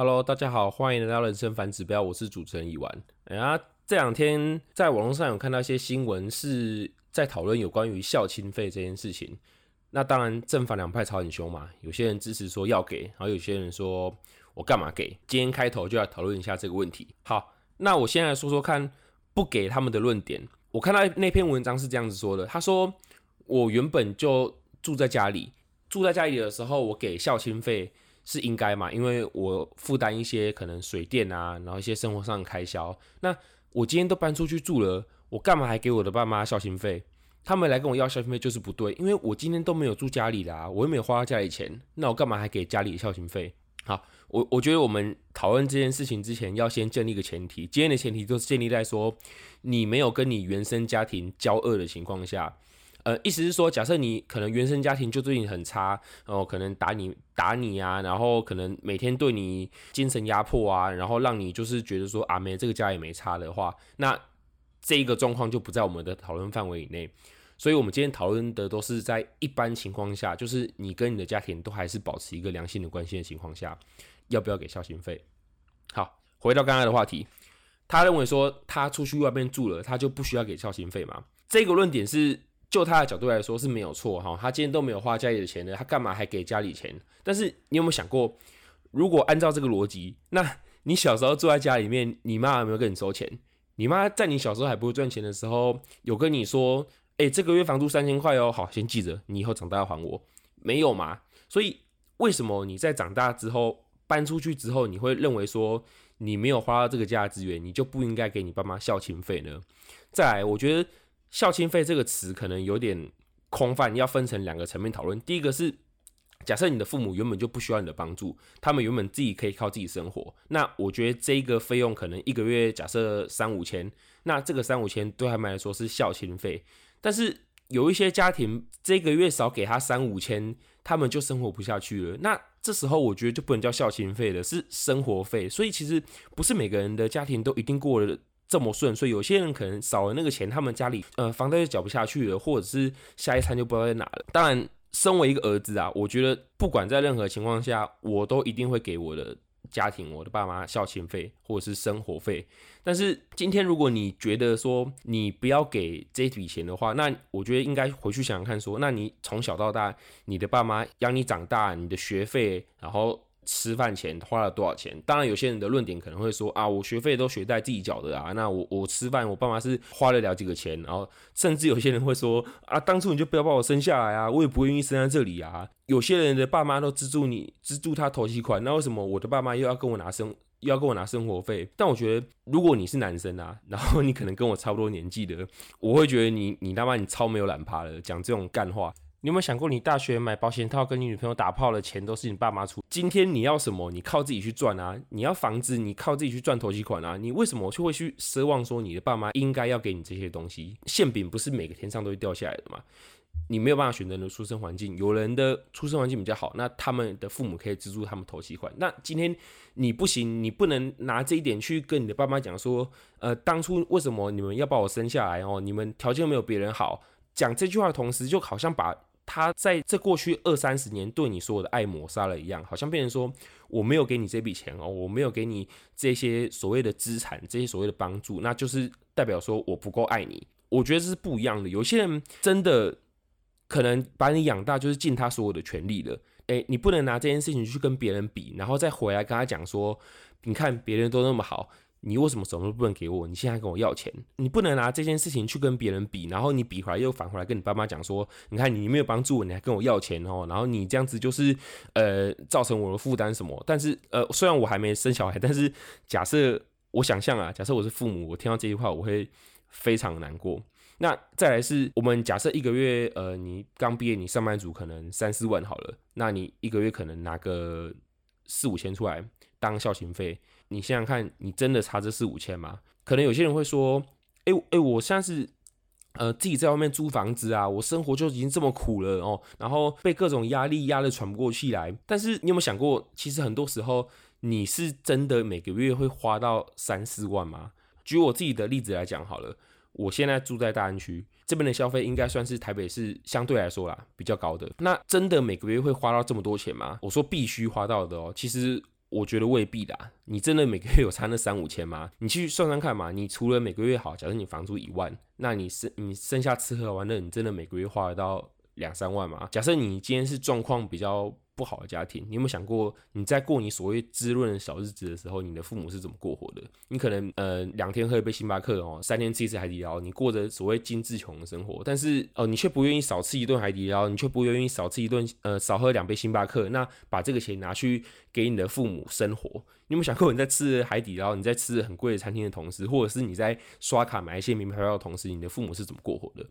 Hello，大家好，歡迎來到人生反指標，我是主持人以完。哎呀，這兩天在網絡上有看到一些新聞，是在討論有關於孝親費這件事情。那當然，正反兩派吵很兇嘛。有些人支持說要給，然後有些人說我幹嘛給。今天開頭就要討論一下這個問題。好，那我先來說說看，不給他們的論點。我看到那篇文章是這樣子說的，他說我原本就住在家裡，住在家裡的時候我給孝親費，是應該嘛？因為我負擔一些可能水電啊，然後一些生活上的開銷。那我今天都搬出去住了，我幹嘛還給我的爸媽孝親費？他們來跟我要孝親費就是不對，因為我今天都沒有住家裡啦，啊，我又沒有花家裡錢，那我幹嘛還給家裡孝親費？好，我我覺得我們討論這件事情之前，要先建立一個前提，今天的前提就是建立在說你沒有跟你原生家庭交惡的情況下。呃，意思是說，假設你可能原生家庭就對你很差，哦，可能打你打你啊，然後可能每天對你精神壓迫啊，然後讓你就是覺得說阿、啊、沒這個家也沒差的話，那這個狀況就不在我們的討論範圍以內。所以我們今天討論的都是在一般情況下，就是你跟你的家庭都還是保持一個良性的關係的情況下，要不要給孝親費？好，回到剛才的話題，他認為說他出去外面住了，他就不需要給孝親費嘛？這個論點是？就他的角度來說是沒有錯哈，他今天都沒有花家裡的錢呢，他幹嘛還給家裡錢？但是你有沒有想過，如果按照這個邏輯，那你小時候住在家裡面，你媽有沒有跟你收錢？你媽在你小時候還不會賺錢的時候，有跟你說，誒、欸，這個月房租三千塊哦，好，先記着，你以後長大要還我，沒有嗎？所以為什麼你在長大之後搬出去之後，你會認為說你沒有花到這個家的資源，你就不應該給你爸媽孝親費呢？再來，我覺得。孝親費這個詞可能有點空泛，要分成兩個層面討論。第一個是假設你的父母原本就不需要你的幫助，他們原本自己可以靠自己生活，那我覺得這個費用可能一個月假設三五千，那這個三五千對他們來說是孝親費。但是有一些家庭這個月少給他三五千，他們就生活不下去了。那這時候我覺得就不能叫孝親費了，是生活費。所以其實不是每個人的家庭都一定過的。這麼順，所以有些人可能少了那個錢，他們家裡呃房貸就繳不下去了，或者是下一餐就不知道在哪了。當然，身為一個兒子啊，我覺得不管在任何情況下，我都一定會給我的家庭、我的爸媽孝親費或者是生活費。但是今天如果你覺得說你不要給這筆錢的話，那我覺得應該回去想想看說，說那你從小到大，你的爸媽養你長大，你的學費，然後。吃飯錢花了多少錢？當然，有些人的論點可能會說啊，我學費都學在自己繳的啊，那我我吃飯我爸媽是花得了幾個錢。然後，甚至有些人會說啊，當初你就不要把我生下來啊，我也不願意生在這裡啊。有些人的爸媽都資助你，資助他頭期款，那為什麼我的爸媽又要跟我拿生，又要跟我拿生活費？但我覺得，如果你是男生啊，然後你可能跟我差不多年紀的，我會覺得你你他媽你超沒有懶趴的，講這種幹話。你有沒有想過，你大學買保險套，跟你女朋友打炮的錢都是你爸媽出？今天你要什麼，你靠自己去賺啊！你要房子，你靠自己去賺頭期款啊！你為什麼就會去奢望說你的爸媽應該要給你這些東西？餡餅不是每個天上都會掉下來的嗎？你沒有辦法選擇你的出生環境，有人的出生環境比較好，那他們的父母可以資助他們頭期款。那今天你不行，你不能拿這一點去跟你的爸媽講說，呃，當初為什麼你們要把我生下來哦？你們條件沒有別人好。講這句話的同時，就好像把他在這過去二三十年對你所有的愛抹殺了一樣，好像變成說我沒有給你這筆錢哦，我沒有給你這些所謂的資產，這些所謂的幫助，那就是代表說我不夠愛你。我覺得這是不一樣的。有些人真的可能把你養大就是盡他所有的全力了，誒、欸，你不能拿這件事情去跟別人比，然後再回來跟他講說，你看別人都那麼好。你為什麼什麼都不能給我，你現在跟我要錢，你不能拿這件事情去跟別人比，然後你比回來又返回來跟你爸媽講說，你看你沒有幫助我，你還跟我要錢哦，然後你這樣子就是呃造成我的負擔什麼，但是呃雖然我還沒生小孩，但是假設我想象啊，假設我是父母，我聽到這句話我會非常難過。那再來是我們假設一個月呃你剛畢業你上班族可能三四萬好了，那你一個月可能拿個四五千出來當孝親費。你想想看，你真的差這四五千嗎？可能有些人會說：“欸，欸，我現在是，呃，自己在外面租房子啊，我生活就已經這麼苦了哦，然後被各種壓力壓得喘不過氣來。”但是你有沒有想過，其實很多時候你是真的每個月會花到三四萬嗎？舉我自己的例子來講好了，我現在住在大安區，這邊的消費應該算是台北市相對來說啦比較高的。那真的每個月會花到這麼多錢嗎？我說必須花到的哦。其實。我覺得未必啦，你真的每個月有差那三五千嗎？你去算算看嘛。你除了每個月好，假設你房租一萬，那你是你剩下吃喝玩樂，你真的每個月花得到兩三萬嗎？假設你今天是狀況比較。不好的家庭，你有沒有想過，你在過你所謂滋潤的小日子的時候，你的父母是怎麼過活的？你可能呃兩天喝一杯星巴克哦，三天吃一次海底撈，你過着所謂精致窮的生活，但是哦、呃、你卻不願意少吃一頓海底撈，你卻不願意少吃一頓呃少喝兩杯星巴克，那把這個錢拿去給你的父母生活，你有沒有想過你在吃海底撈、你在吃很貴的餐廳的同時，或者是你在刷卡買一些名牌包的同時，你的父母是怎麼過活的？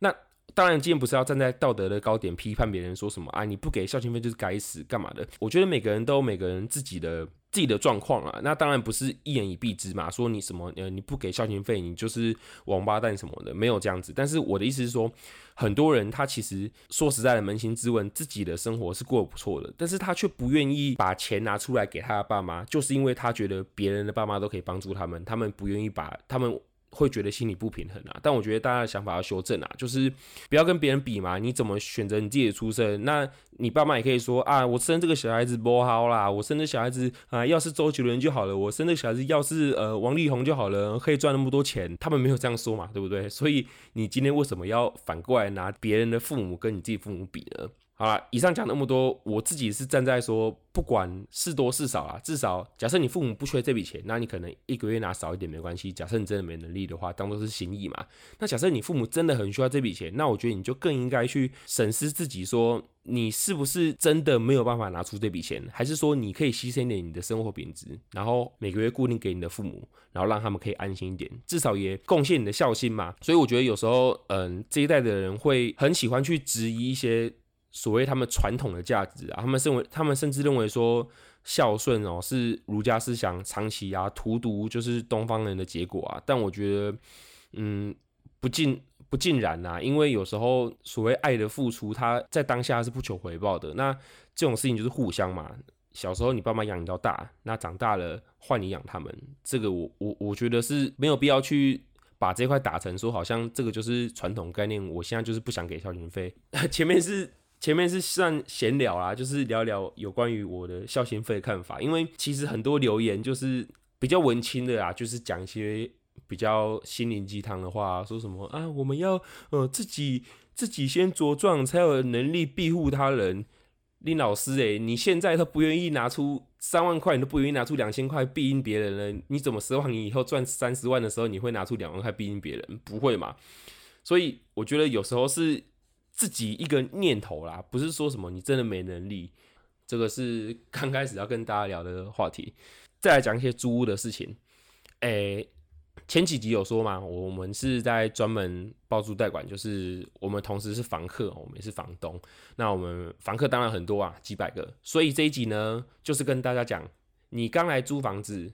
那？當然，今天不是要站在道德的高點批判別人說什麼啊！你不給孝親費就是該死幹嘛的？我覺得每個人都有每個人自己的自己的狀況啊。那當然不是一言以蔽之嘛，說你什麼呃，你不給孝親費，你就是王八蛋什麼的，沒有這樣子。但是我的意思是說，很多人他其實說實在的捫心自問，自己的生活是過得不錯的，但是他卻不願意把錢拿出來給他的爸媽，就是因為他覺得別人的爸媽都可以幫助他們，他們不願意把他們。會覺得心裡不平衡啊，但我覺得大家的想法要修正啊，就是不要跟別人比嘛。你怎麼選擇你自己的出身？那你爸媽也可以說啊，我生這個小孩子不好啦，我生這個小孩子啊，要是周杰倫就好了，我生這個小孩子要是呃王力宏就好了，可以賺那麼多錢。他們沒有這樣說嘛，對不對？所以你今天為什麼要反過來拿別人的父母跟你自己父母比呢？好啦，以上講那麼多，我自己是站在說，不管是多是少啊，至少假設你父母不缺這筆錢，那你可能一個月拿少一點沒關係。假設你真的沒能力的話，當做是心意嘛。那假設你父母真的很需要這筆錢，那我覺得你就更應該去審視自己，說你是不是真的沒有辦法拿出這筆錢，還是說你可以犧牲一點你的生活品質，然後每個月固定給你的父母，然後讓他們可以安心一點，至少也貢獻你的孝心嘛。所以我覺得有時候，嗯，這一代的人會很喜歡去質疑一些。所謂他們傳統的價值啊，他們認為他們甚至認為說孝順哦、喔、是儒家思想長期啊荼毒就是東方人的結果啊，但我覺得嗯不盡不盡然吶、啊，因為有時候所謂愛的付出，他在當下是不求回報的。那這種事情就是互相嘛，小時候你爸媽養你到大，那長大了換你養他們，這個我我我覺得是沒有必要去把這塊打成說好像這個就是傳統概念，我現在就是不想給孝親費， 前面是。前面是算閒聊啦，就是聊聊有關於我的孝親費看法，因為其實很多留言就是比較文青的啦，就是講一些比較心靈雞湯的話，啊，說什麼啊，我們要呃自己自己先茁壯，才有能力庇護他人。林老師，欸，誒，你現在都不願意拿出三萬塊，你都不願意拿出兩千塊庇蔭別人了，你怎麼奢望你以後賺三十萬的時候，你會拿出兩萬塊庇蔭別人？不會嘛？所以我覺得有時候是。自己一個念頭啦，不是說什麼你真的沒能力，這個是剛開始要跟大家聊的話題。再來講一些租屋的事情。誒，前幾集有說嘛，我們是在專門包租代管，就是我們同時是房客，我們也是房東。那我們房客當然很多啊，幾百個。所以這一集呢，就是跟大家講，你剛來租房子，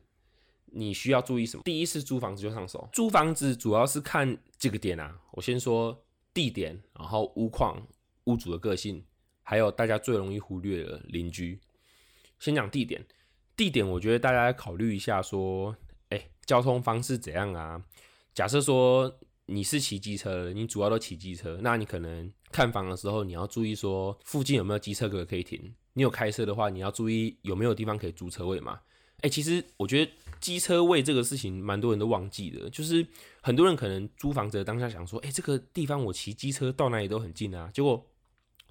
你需要注意什麼？第一次租房子就上手，租房子主要是看這個點啊。我先說。地點，然後屋況、屋主的個性，還有大家最容易忽略的鄰居。先講地點，地點我覺得大家要考慮一下，說，哎、欸，交通方式怎樣啊？假設說你是騎機車，你主要都騎機車，那你可能看房的時候你要注意說附近有沒有機車格可以停。你有開車的話，你要注意有沒有地方可以租車位嘛？哎、欸，其實我覺得。機車位這個事情，蠻多人都忘記的，就是很多人可能租房子當下想說，哎，這個地方我騎機車到哪裡都很近啊。結果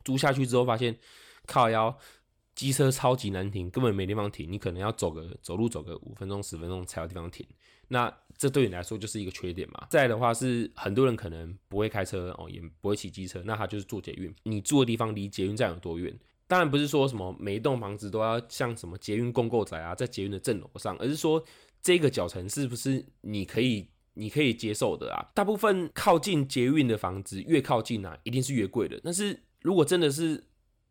租下去之後發現，靠腰機車超級難停，根本沒地方停。你可能要走個走路走個五分鐘十分鐘才有地方停。那這對你來說就是一個缺點嘛。再來的話是很多人可能不會開車哦，也不會騎機車，那他就是坐捷運。你住的地方離捷運站有多遠？當然不是說什麼每一棟房子都要像什麼捷運共構宅啊，在捷運的正樓上，而是說這個腳程是不是你可以你可以接受的啊？大部分靠近捷運的房子，越靠近啊，一定是越貴的。但是如果真的是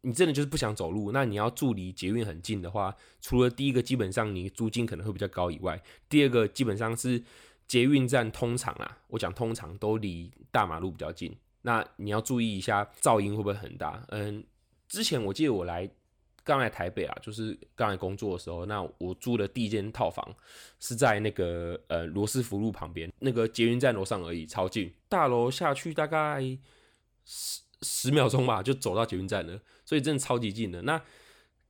你真的就是不想走路，那你要住離捷運很近的話，除了第一個，基本上你租金可能會比較高以外，第二個基本上是捷運站通常啊，我講通常都離大馬路比較近，那你要注意一下噪音會不會很大？嗯。之前我記得我來剛來台北啊，就是剛來工作的時候，那我住的第一間套房是在那個呃羅斯福路旁邊那個捷運站樓上而已，超近，大樓下去大概十十秒鐘吧，就走到捷運站了，所以真的超級近的。那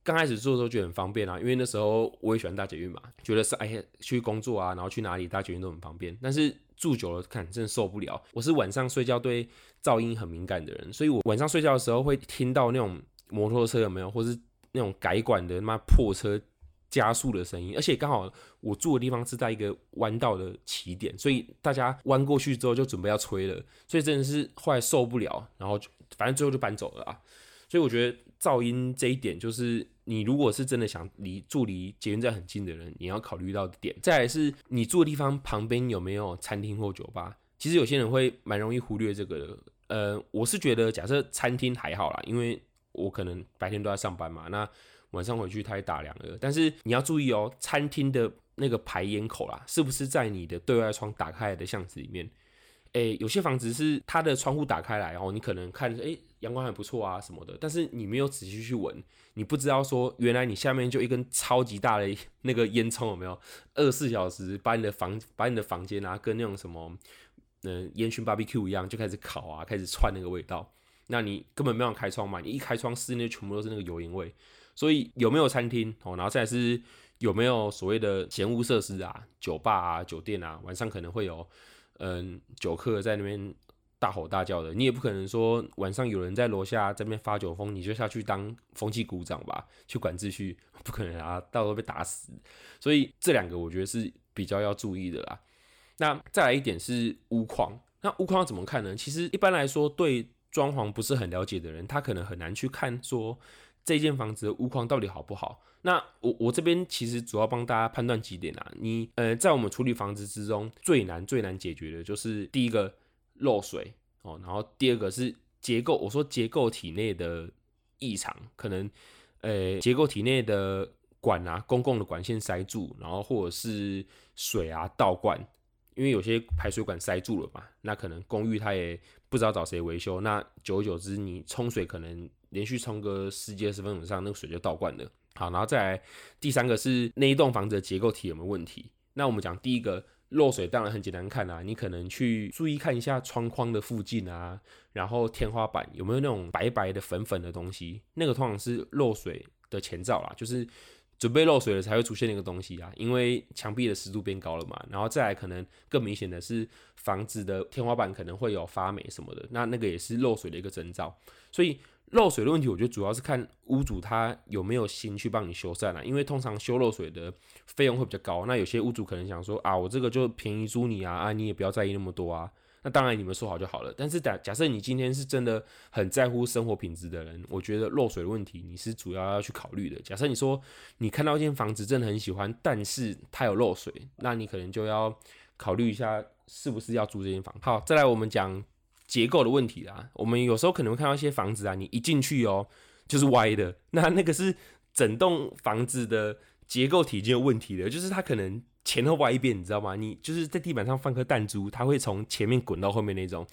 剛開始住的時候就很方便啊，因為那時候我也喜歡搭捷運嘛，覺得是哎去工作啊，然後去哪裡搭捷運都很方便，但是住久了，看真的受不了。我是晚上睡覺對噪音很敏感的人，所以我晚上睡覺的時候會聽到那種摩托車有沒有，或是那種改管的那破車加速的聲音。而且剛好我住的地方是在一個彎道的起點，所以大家彎過去之後就準備要催了，所以真的是後來受不了，然後就反正最後就搬走了啊。所以我覺得噪音這一點，就是你如果是真的想離住離捷運站很近的人，你要考慮到的點。再來是，你住的地方旁邊有沒有餐廳或酒吧？其實有些人會蠻容易忽略這個的。呃，我是覺得，假設餐廳還好啦，因為我可能白天都要上班嘛，那晚上回去他也打烊了。但是你要注意哦、喔，餐廳的那個排煙口啦，是不是在你的對外窗打開來的巷子裡面？欸、有些房子是它的窗戶打開來，然後，喔，你可能看，欸，陽光還不錯啊什麼的。但是你沒有仔細去聞，你不知道說原來你下面就一根超級大的那個煙囪有沒有，二十四小時把你的房把你的房間啊跟那種什麼，嗯、呃，煙熏 BBQ 一樣就開始烤啊，開始竄那個味道。那你根本沒有開窗嘛，你一開窗，室內全部都是那個油煙味。所以有沒有餐廳哦、喔？然後再來是有沒有所謂的嫌惡設施啊，酒吧啊，酒店啊，晚上可能會有。嗯，酒客在那邊大吼大叫的，你也不可能說晚上有人在樓下這邊發酒瘋，你就下去當風紀股長吧，去管秩序，不可能啊，到時候被打死。所以這兩個我覺得是比較要注意的啦。那再來一點是屋況，那屋況怎麼看呢？其實一般來說，對裝潢不是很了解的人，他可能很難去看說。這間房子的屋況到底好不好？那我我這邊其實主要幫大家判斷幾點啊。你呃，在我們處理房子之中最難最難解決的就是第一個漏水哦、喔，然後第二個是結構，我說結構體內的異常，可能呃結構體內的管啊，公共的管線塞住，然後或者是水啊倒灌，因為有些排水管塞住了嘛，那可能公寓它也不知道找誰維修，那久而久之你沖水可能，連續沖個十幾二十分鐘以上，那個水就倒灌了。好，然後再來第三個是那一棟房子的結構體有沒有問題？那我們講第一個漏水，當然很簡單看啦，啊，你可能去注意看一下窗框的附近啊，然後天花板有沒有那種白白的粉粉的東西？那個通常是漏水的前兆啦，就是準備漏水了才會出現那個東西啊，因為牆壁的濕度變高了嘛。然後再來可能更明顯的是房子的天花板可能會有發霉什麼的，那那個也是漏水的一個徵兆，所以。漏水的問題，我覺得主要是看屋主他有沒有心去幫你修繕了，因為通常修漏水的費用會比較高。那有些屋主可能想說啊，我這個就便宜租你啊，啊你也不要在意那麼多啊。那當然你們說好就好了。但是假假設你今天是真的很在乎生活品質的人，我覺得漏水的問題你是主要要去考慮的。假設你說你看到一間房子真的很喜歡，但是他有漏水，那你可能就要考慮一下是不是要租這間房。好，再來我們講。結構的問題啦、啊，我們有時候可能會看到一些房子啊，你一進去哦、喔，就是歪的，那那個是整棟房子的結構體已經有問題了，就是它可能前後歪一邊，你知道嗎？你就是在地板上放顆彈珠，它會從前面滾到後面那種。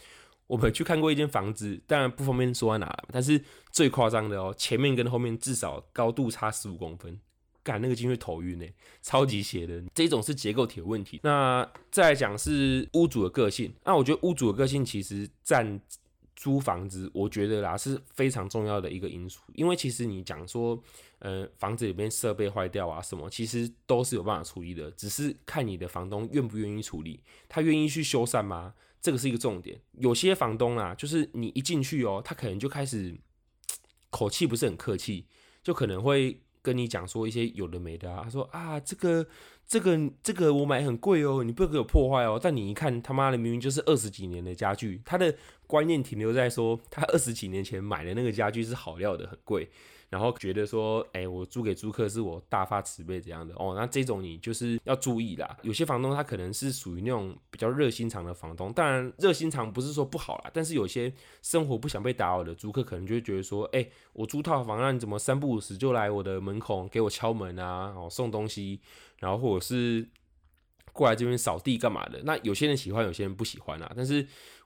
我們去看過一間房子，當然不方便說在哪，但是最誇張的哦、喔，前面跟後面至少高度差十五公分。感那個進去頭暈呢，超級邪的。這種是結構體的問題。那再來講是屋主的個性。那我覺得屋主的個性其實佔租房子，我覺得啦是非常重要的一個因素。因為其實你講說，呃，房子裡面設備壞掉啊什麼，其實都是有辦法處理的，只是看你的房東願不願意處理。他願意去修繕嗎？這個是一個重點。有些房東啊，就是你一進去哦，他可能就開始口氣不是很客氣，就可能會跟你講說一些有的沒的啊，他說啊，這個這個這個我買很貴哦，你不要給我破壞哦。但你一看他媽的，明明就是二十幾年的家具，他的觀念停留在說他二十幾年前買的那個家具是好料的，很貴。然後覺得說，哎、欸，我租給租客是我大發慈悲這樣的哦，那這種你就是要注意啦。有些房東他可能是屬於那種比較熱心腸的房東，當然熱心腸不是說不好啦，但是有些生活不想被打擾的租客，可能就會覺得說，哎、欸，我租套房，那你怎麼三不五時就來我的門口給我敲門啊，哦，送東西，然後或者是過來這邊掃地幹嘛的？那有些人喜歡，有些人不喜歡啦，但是。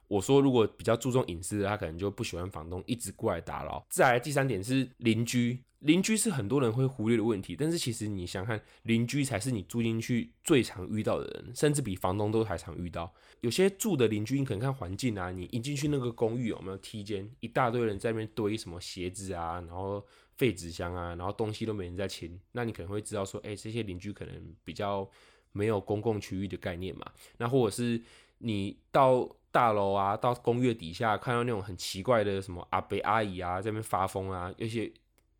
我說，如果比較注重隱私，他可能就不喜歡房東一直過來打擾。再來，第三點是鄰居，鄰居是很多人會忽略的問題，但是其實你想看，鄰居才是你住進去最常遇到的人，甚至比房東都還常遇到。有些住的鄰居，你可能看環境啊，你一進去那個公寓有沒有梯間，一大堆人在那邊堆什麼鞋子啊，然後廢紙箱啊，然後東西都沒人在清，那你可能會知道說，欸，這些鄰居可能比較沒有公共區域的概念嘛。那或者是你到。大樓啊，到公寓底下看到那種很奇怪的什麼阿伯阿姨啊，在那邊發瘋啊，有些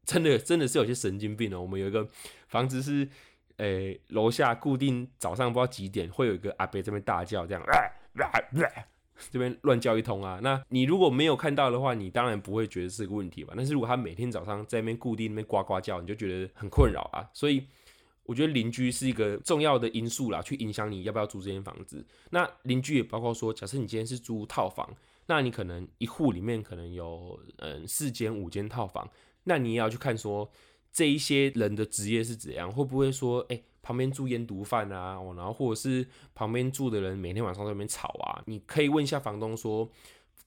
真的真的是有些神經病的、哦。我們有一個房子是，誒、欸、樓下固定早上不知道幾點會有一個阿伯在那邊大叫這樣，啊啊啊啊、這邊亂叫一通啊。那你如果沒有看到的話，你當然不會覺得是個問題吧？但是如果他每天早上在那邊固定那邊呱呱叫，你就覺得很困擾啊。所以。我覺得鄰居是一個重要的因素啦，去影響你要不要租這間房子。那鄰居也包括說，假設你今天是租套房，那你可能一戶裡面可能有嗯四間五間套房，那你也要去看說這一些人的職業是怎樣，會不會說哎、欸，旁邊住煙毒販啊，哦，然後或者是旁邊住的人每天晚上在那邊吵啊，你可以問一下房東說。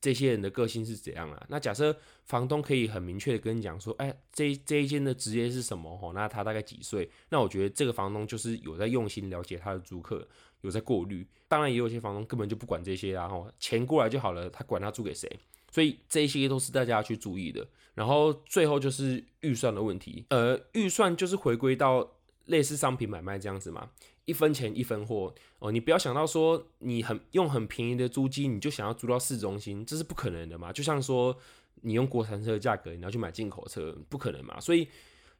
這些人的個性是怎樣啊？那假設房東可以很明確的跟你講說，哎、欸，這一這一間的職業是什麼？吼，那他大概幾歲？那我覺得這個房東就是有在用心了解他的租客，有在過濾。當然，也有些房東根本就不管這些啦，吼，錢過來就好了，他管他租給誰。所以這一些都是大家要去注意的。然後最後就是預算的問題，呃，預算就是回歸到類似商品買賣這樣子嘛。一分錢一分貨哦，你不要想到說你很用很便宜的租金，你就想要租到市中心，這是不可能的嘛。就像說你用國產車的價格，你要去買進口車，不可能嘛。所以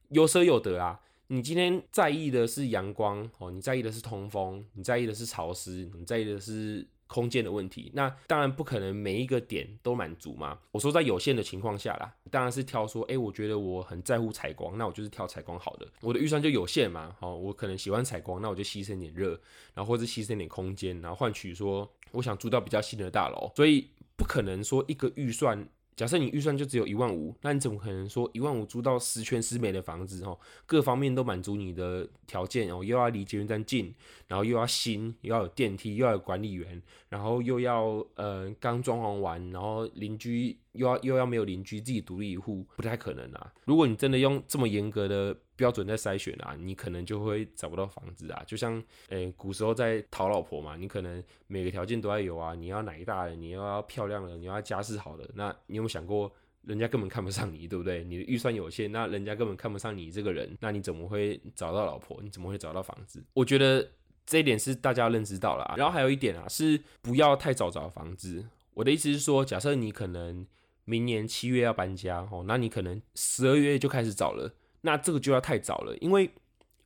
有捨有得啊。你今天在意的是陽光哦，你在意的是通風，你在意的是潮濕，你在意的是。空間的問題，那當然不可能每一個點都滿足嘛。我說在有限的情況下啦，當然是挑說，哎、欸，我覺得我很在乎採光，那我就是挑採光好的。我的預算就有限嘛，好、喔，我可能喜歡採光，那我就犧牲點熱，然後或是犧牲點空間，然後換取說我想住到比較新的大樓。所以不可能說一個預算。假設你預算就只有一萬五，那你怎麼可能說一萬五租到十全十美的房子哦？各方面都滿足你的條件哦，又要離捷運站近，然後又要新，又要有電梯，又要有管理員，然後又要嗯，剛、呃、裝潢完，然後鄰居又要又要沒有鄰居，自己獨立一戶，不太可能啊。如果你真的用這麼嚴格的。標準在篩選啊，你可能就會找不到房子啊。就像，誒、欸、古時候在討老婆嘛，你可能每個條件都要有啊。你要奶大的，你要漂亮的，你要家世好的。那你有沒有想過，人家根本看不上你，對不對？你的預算有限，那人家根本看不上你這個人，那你怎麼會找到老婆？你怎麼會找到房子？我覺得這一點是大家要認知到了。然後還有一點啊，是不要太早找房子。我的意思是說，假設你可能明年七月要搬家哦，那你可能十二月就開始找了。那這個就要太早了，因為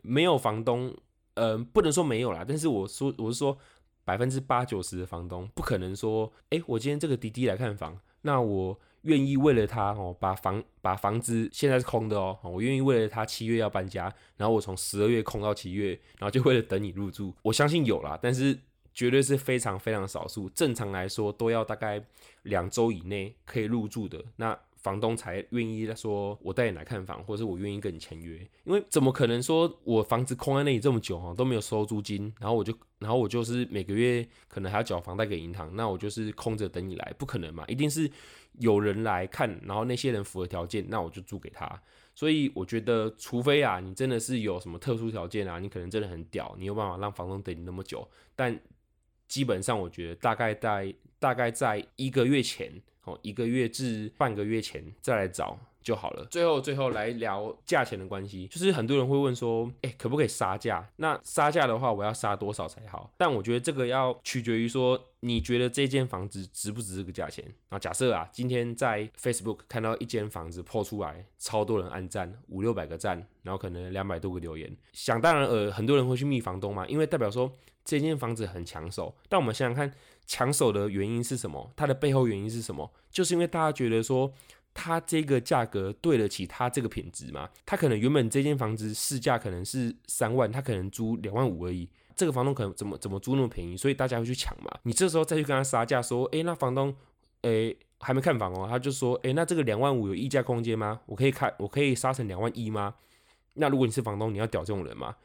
沒有房東，嗯、呃，不能說沒有啦，但是我說我是說百分之八九十的房東不可能說，誒、欸，我今天這個弟弟來看房，那我願意為了他哦、喔，把房把房子現在是空的哦、喔，我願意為了他七月要搬家，然後我從十二月空到七月，然後就為了等你入住。我相信有啦，但是絕對是非常非常少數，正常來說都要大概兩周以內可以入住的。那。房東才願意在說我帶你來看房，或者是我願意跟你簽約，因為怎麼可能說我房子空在那裡這麼久哈、啊、都沒有收租金，然後我就然後我就是每個月可能還要繳房貸給銀行，那我就是空着等你來，不可能嘛，一定是有人來看，然後那些人符合條件，那我就租給他。所以我覺得，除非啊你真的是有什麼特殊條件啊，你可能真的很屌，你有辦法讓房東等你那麼久，但基本上我覺得大概在大概在一個月前。哦，一個月至半個月前再來找就好了。最後，最後來聊價錢的關係，就是很多人會問說，哎，可不可以殺價？那殺價的話，我要殺多少才好？但我覺得這個要取決於說，你覺得這間房子值不值這個價錢。那假設啊，今天在 Facebook 看到一間房子破出來，超多人按讚，五六百個讚，然後可能兩百多個留言。想當然很多人會去密房東嘛，因為代表說這間房子很搶手。但我們想想看。搶手的原因是什麼？它的背後原因是什麼？就是因為大家覺得說，它這個價格對得起它這個品質嗎？它可能原本這間房子市價可能是三萬，它可能租兩萬五而已。這個房東可能怎麼怎麼租那麼便宜，所以大家會去搶嘛。你這時候再去跟他殺價說，誒、欸，那房東，誒、欸、還沒看房哦、喔，他就說，誒、欸，那這個兩萬五有議價空間嗎？我可以看，我可以殺成兩萬一嗎？那如果你是房東，你要屌這種人嗎？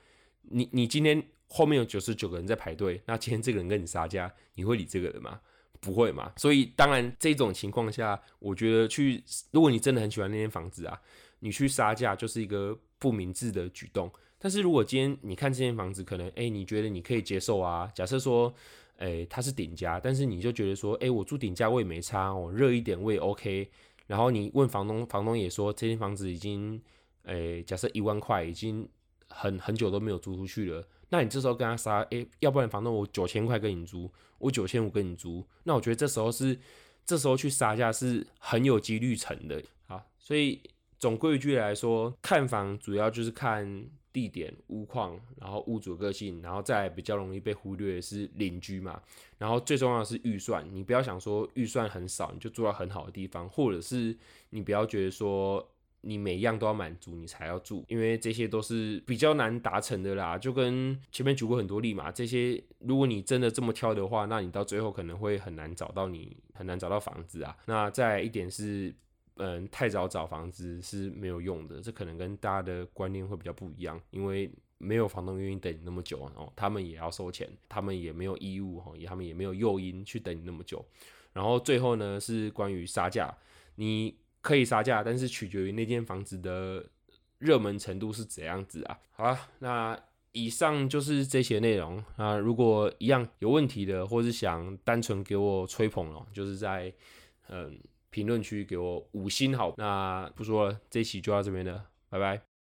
你你今天。後面有九十九個人在排隊，那今天這個人跟你殺價，你會理這個人嗎？不會嘛。所以當然這種情況下，我覺得去，如果你真的很喜歡那間房子啊，你去殺價就是一個不明智的舉動。但是如果今天你看這間房子，可能哎、欸、你覺得你可以接受啊，假設說哎、欸、它是頂加，但是你就覺得說哎、欸、我住頂加我也沒差哦，熱一點我也 OK。然後你問房東，房東也說這間房子已經哎、欸、假設一萬塊已經很很久都沒有租出去了。那你這時候跟他殺，欸，要不然房東我九千塊跟你租，我九千五跟你租，那我覺得這時候是，這時候去殺價是很有幾率成的。好，所以總規矩來說，看房主要就是看地點、屋況，然後屋主個性，然後再來比較容易被忽略的是鄰居嘛，然後最重要的是預算，你不要想說預算很少，你就住到很好的地方，或者是你不要覺得說。你每一樣都要滿足，你才要住，因為這些都是比較難達成的啦。就跟前面舉過很多例嘛，這些如果你真的這麼挑的話，那你到最後可能會很難找到你很難找到房子啊。那再一點是，嗯，太早找房子是沒有用的。這可能跟大家的觀念會比較不一樣，因為沒有房東願意等你那麼久哦，他們也要收錢，他們也沒有義務哈，他們也沒有誘因去等你那麼久。然後最後呢，是關於殺價，你。可以殺價，但是取決於那間房子的熱門程度是怎樣子啊？好了，那以上就是這些內容啊。那如果一樣有問題的，或是想單純給我吹捧哦，就是在嗯評論區給我五星好。那不說了，這一期就到這邊了，拜拜。